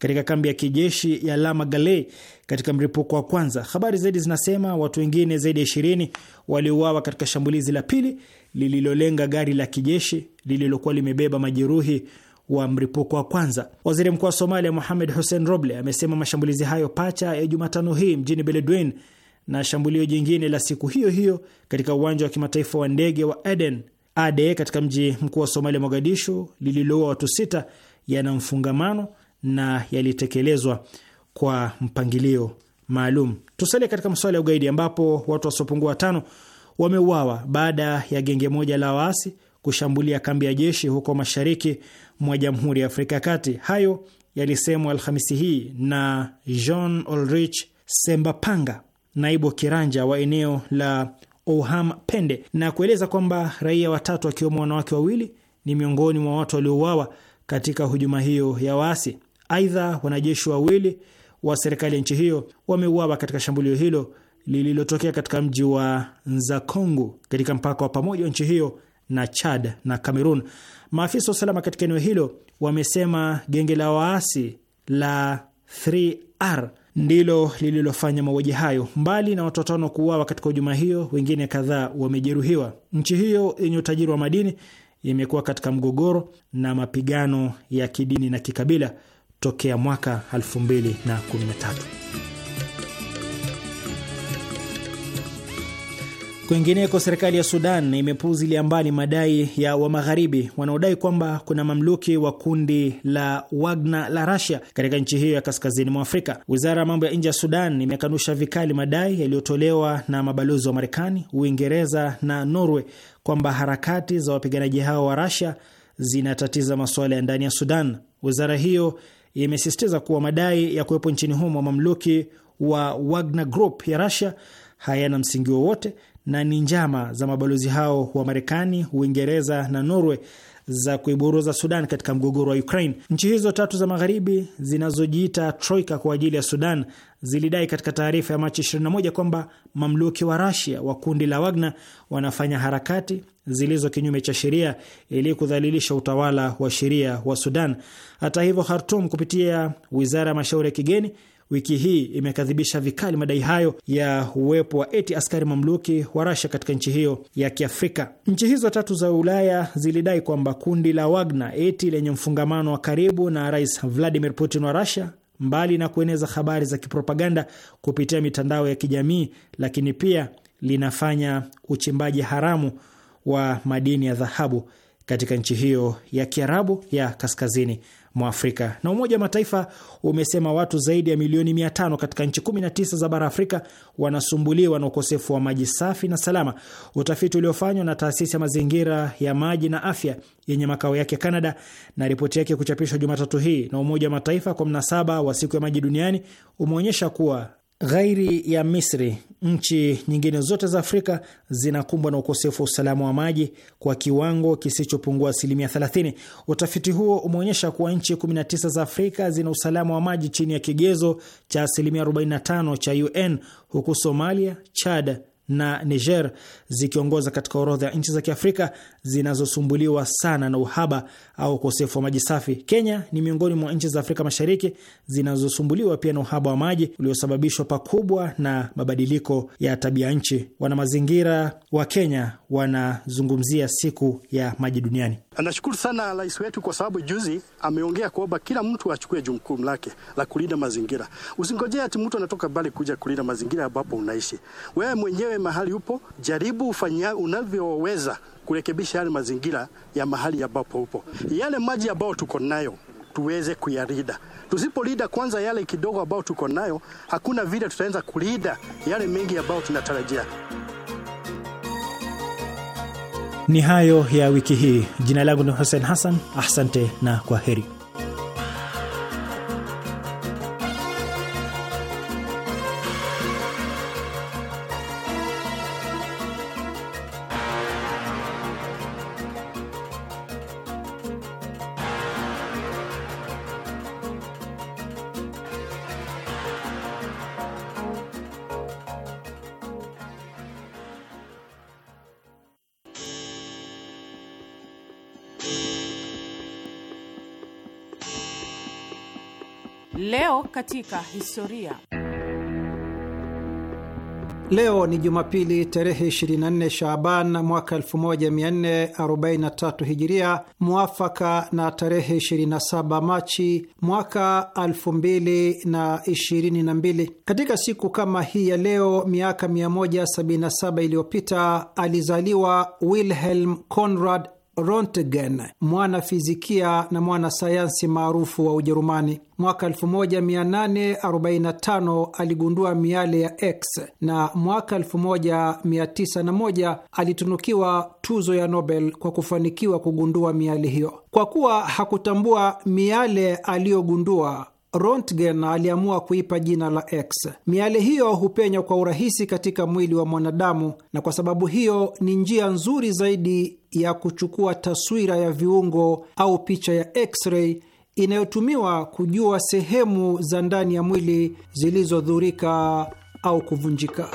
katika kambi ya kijeshi ya Lama Galei katika mlipuko wa kwanza. Habari zaidi zinasema watu wengine zaidi ya ishirini waliuawa katika shambulizi la pili lililolenga gari la kijeshi lililokuwa limebeba majeruhi wa mripuko wa kwanza. Waziri mkuu wa Somalia Mohamed Hussein Roble amesema mashambulizi hayo pacha ya Jumatano hii mjini Beledweyne na shambulio jingine la siku hiyo hiyo katika uwanja wa kimataifa wa ndege wa Aden Ade katika mji mkuu wa Somalia Mogadishu, lililoua watu sita yana mfungamano na yalitekelezwa kwa mpangilio maalum. Tusalie katika masuala ya ugaidi ambapo watu wasiopungua watano wameuawa baada ya genge moja la waasi kushambulia kambi ya jeshi huko mashariki mwa Jamhuri ya Afrika ya Kati. Hayo yalisemwa Alhamisi hii na Jean Olrich Sembapanga, naibu kiranja wa eneo la Ouham Pende, na kueleza kwamba raia watatu wakiwemo wanawake wawili ni miongoni mwa watu waliouawa katika hujuma hiyo ya waasi. Aidha, wanajeshi wawili wa serikali ya nchi hiyo wameuawa katika shambulio hilo lililotokea katika mji wa Nzakongu katika mpaka wa pamoja wa nchi hiyo na Chad na Cameroon. Maafisa wa usalama katika eneo hilo wamesema genge la waasi la 3R ndilo lililofanya mauaji hayo. Mbali na watu watano kuuawa katika hujuma hiyo, wengine kadhaa wamejeruhiwa. Nchi hiyo yenye utajiri wa madini imekuwa katika mgogoro na mapigano ya kidini na kikabila tokea mwaka 2013. Kwingineko, serikali ya Sudan imepuuzilia mbali madai ya wamagharibi wanaodai kwamba kuna mamluki wa kundi la Wagner la Russia katika nchi hiyo ya kaskazini mwa Afrika. Wizara ya mambo ya nje ya Sudan imekanusha vikali madai yaliyotolewa na mabalozi wa Marekani, Uingereza na Norway kwamba harakati za wapiganaji hao wa Russia zinatatiza masuala ya ndani ya Sudan. Wizara hiyo imesisitiza kuwa madai ya kuwepo nchini humo mamluki wa Wagner Group ya Russia hayana msingi wowote na ni njama za mabalozi hao wa Marekani, Uingereza na Norway za kuiburuza Sudan katika mgogoro wa Ukraine. Nchi hizo tatu za magharibi zinazojiita troika kwa ajili ya Sudan zilidai katika taarifa ya Machi 21 kwamba mamluki wa Rasia wa kundi la Wagner wanafanya harakati zilizo kinyume cha sheria ili kudhalilisha utawala wa sheria wa Sudan. Hata hivyo, hartum kupitia wizara ya mashauri ya kigeni wiki hii imekadhibisha vikali madai hayo ya uwepo wa eti askari mamluki wa Rasha katika nchi hiyo ya Kiafrika. Nchi hizo tatu za Ulaya zilidai kwamba kundi la Wagner eti lenye mfungamano wa karibu na Rais Vladimir Putin wa Rasha, mbali na kueneza habari za kipropaganda kupitia mitandao ya kijamii, lakini pia linafanya uchimbaji haramu wa madini ya dhahabu katika nchi hiyo ya Kiarabu ya kaskazini mwa Afrika. Na Umoja wa Mataifa umesema watu zaidi ya milioni tano katika nchi 19 za bara Afrika wanasumbuliwa na ukosefu wa maji safi na salama. Utafiti uliofanywa na taasisi ya mazingira ya maji na afya yenye makao yake Canada na ripoti yake kuchapishwa Jumatatu hii na Umoja wa Mataifa kwa mnasaba wa siku ya maji duniani umeonyesha kuwa Ghairi ya Misri, nchi nyingine zote za Afrika zinakumbwa na ukosefu wa usalama wa maji kwa kiwango kisichopungua asilimia 30. Utafiti huo umeonyesha kuwa nchi 19 za Afrika zina usalama wa maji chini ya kigezo cha asilimia 45 cha UN, huku Somalia, Chad na Niger zikiongoza katika orodha ya nchi za Kiafrika zinazosumbuliwa sana na uhaba au ukosefu wa maji safi. Kenya ni miongoni mwa nchi za Afrika Mashariki zinazosumbuliwa pia na uhaba wa maji uliosababishwa pakubwa na mabadiliko ya tabia nchi. Wanamazingira wa Kenya wanazungumzia siku ya maji duniani. Anashukuru sana rais wetu kwa sababu juzi ameongea kuomba kila mtu achukue jukumu lake la kulinda mazingira. Usingojee ati mtu anatoka mbali kuja kulinda mazingira ambapo unaishi wewe mwenyewe. Mahali upo jaribu ufanya unavyoweza kurekebisha yale mazingira ya mahali ambapo upo, yale maji ambayo tuko nayo tuweze kuyarida. Tusipolida kwanza yale kidogo ambayo tuko nayo, hakuna vile tutaweza kulida yale mengi ambayo tunatarajia. Ni hayo ya wiki hii. Jina langu ni Hussein Hassan, asante na kwa heri. katika historia. Leo ni Jumapili tarehe 24 Shaaban mwaka 1443 Hijiria, mwafaka na tarehe 27 Machi mwaka 2022. Katika siku kama hii ya leo miaka 177 iliyopita alizaliwa Wilhelm Conrad Rontgen, fizikia na mwana sayansi maarufu wa Ujerumani. Mwaka 1845 aligundua miale ya X na mwaka 1901 alitunukiwa tuzo ya Nobel kwa kufanikiwa kugundua miale hiyo. Kwa kuwa hakutambua miale aliyogundua Rontgen aliamua kuipa jina la X. Miale hiyo hupenya kwa urahisi katika mwili wa mwanadamu, na kwa sababu hiyo ni njia nzuri zaidi ya kuchukua taswira ya viungo au picha ya X-ray inayotumiwa kujua sehemu za ndani ya mwili zilizodhurika au kuvunjika.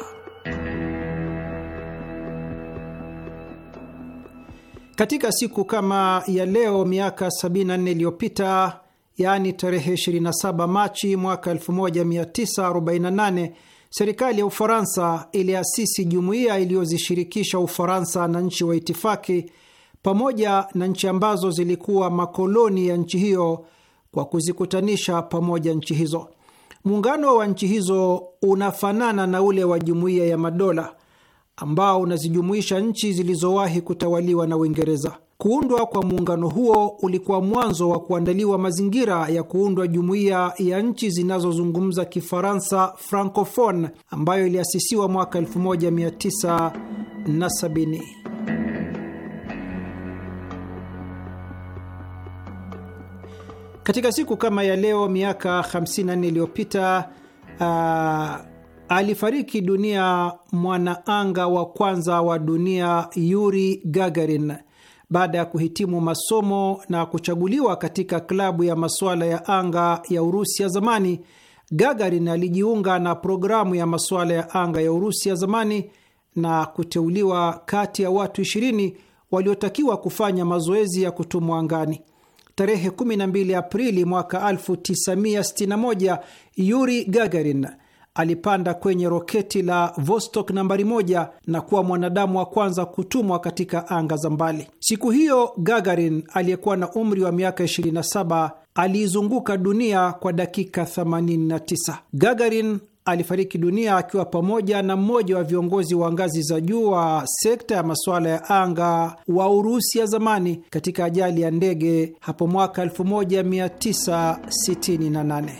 Katika siku kama ya leo miaka 74 iliyopita yaani tarehe 27 Machi mwaka 1948 serikali ya Ufaransa iliasisi jumuiya iliyozishirikisha Ufaransa na nchi wa itifaki pamoja na nchi ambazo zilikuwa makoloni ya nchi hiyo kwa kuzikutanisha pamoja nchi hizo. Muungano wa nchi hizo unafanana na ule wa Jumuiya ya Madola ambao unazijumuisha nchi zilizowahi kutawaliwa na Uingereza. Kuundwa kwa muungano huo ulikuwa mwanzo wa kuandaliwa mazingira ya kuundwa jumuiya ya nchi zinazozungumza Kifaransa, Francofon, ambayo iliasisiwa mwaka 1970. Katika siku kama ya leo miaka 54 iliyopita uh, alifariki dunia mwanaanga wa kwanza wa dunia Yuri Gagarin baada ya kuhitimu masomo na kuchaguliwa katika klabu ya masuala ya anga ya Urusi ya zamani, Gagarin alijiunga na programu ya masuala ya anga ya Urusi ya zamani na kuteuliwa kati ya watu 20 waliotakiwa kufanya mazoezi ya kutumwa angani. Tarehe 12 Aprili mwaka 1961 Yuri Gagarin alipanda kwenye roketi la Vostok nambari moja na kuwa mwanadamu wa kwanza kutumwa katika anga za mbali. Siku hiyo Gagarin aliyekuwa na umri wa miaka 27 aliizunguka dunia kwa dakika 89. Gagarin alifariki dunia akiwa pamoja na mmoja wa viongozi wa ngazi za juu wa sekta ya masuala ya anga wa Urusi ya zamani katika ajali ya ndege hapo mwaka 1968.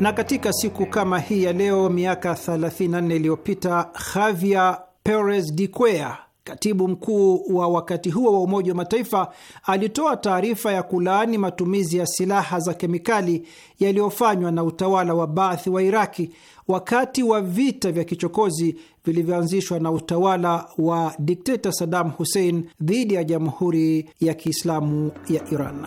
Na katika siku kama hii ya leo miaka 34 iliyopita Javier Perez de Cuellar katibu mkuu wa wakati huo wa Umoja wa Mataifa alitoa taarifa ya kulaani matumizi ya silaha za kemikali yaliyofanywa na utawala wa Baathi wa Iraki wakati wa vita vya kichokozi vilivyoanzishwa na utawala wa dikteta Saddam Hussein dhidi ya Jamhuri ya Kiislamu ya Iran.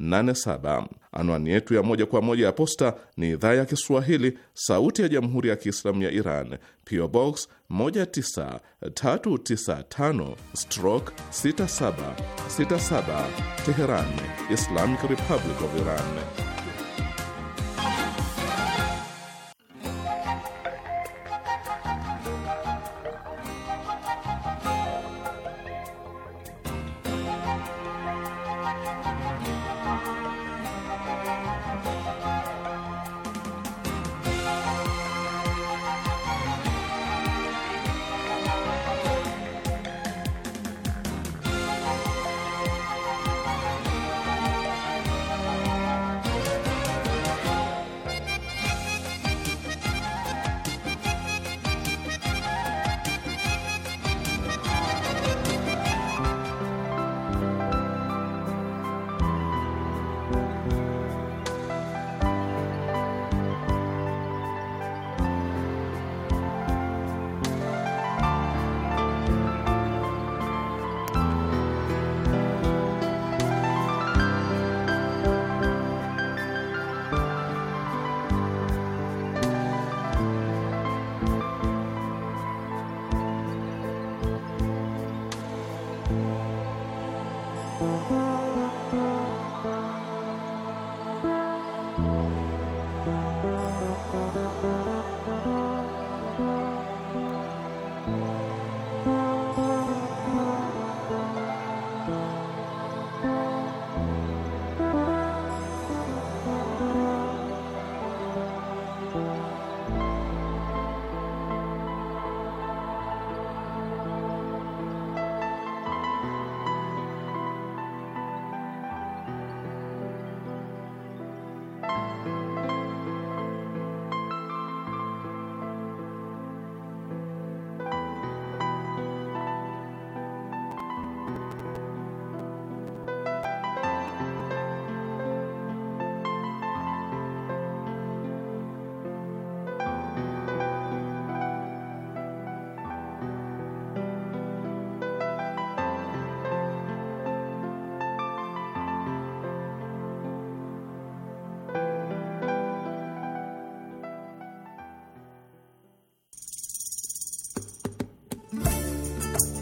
87. Anwani yetu ya moja kwa moja ya posta ni idhaa ya Kiswahili, sauti ya jamhuri ya kiislamu ya Iran, PO Box 19395 stroke 6767 Teheran, Islamic Republic of Iran.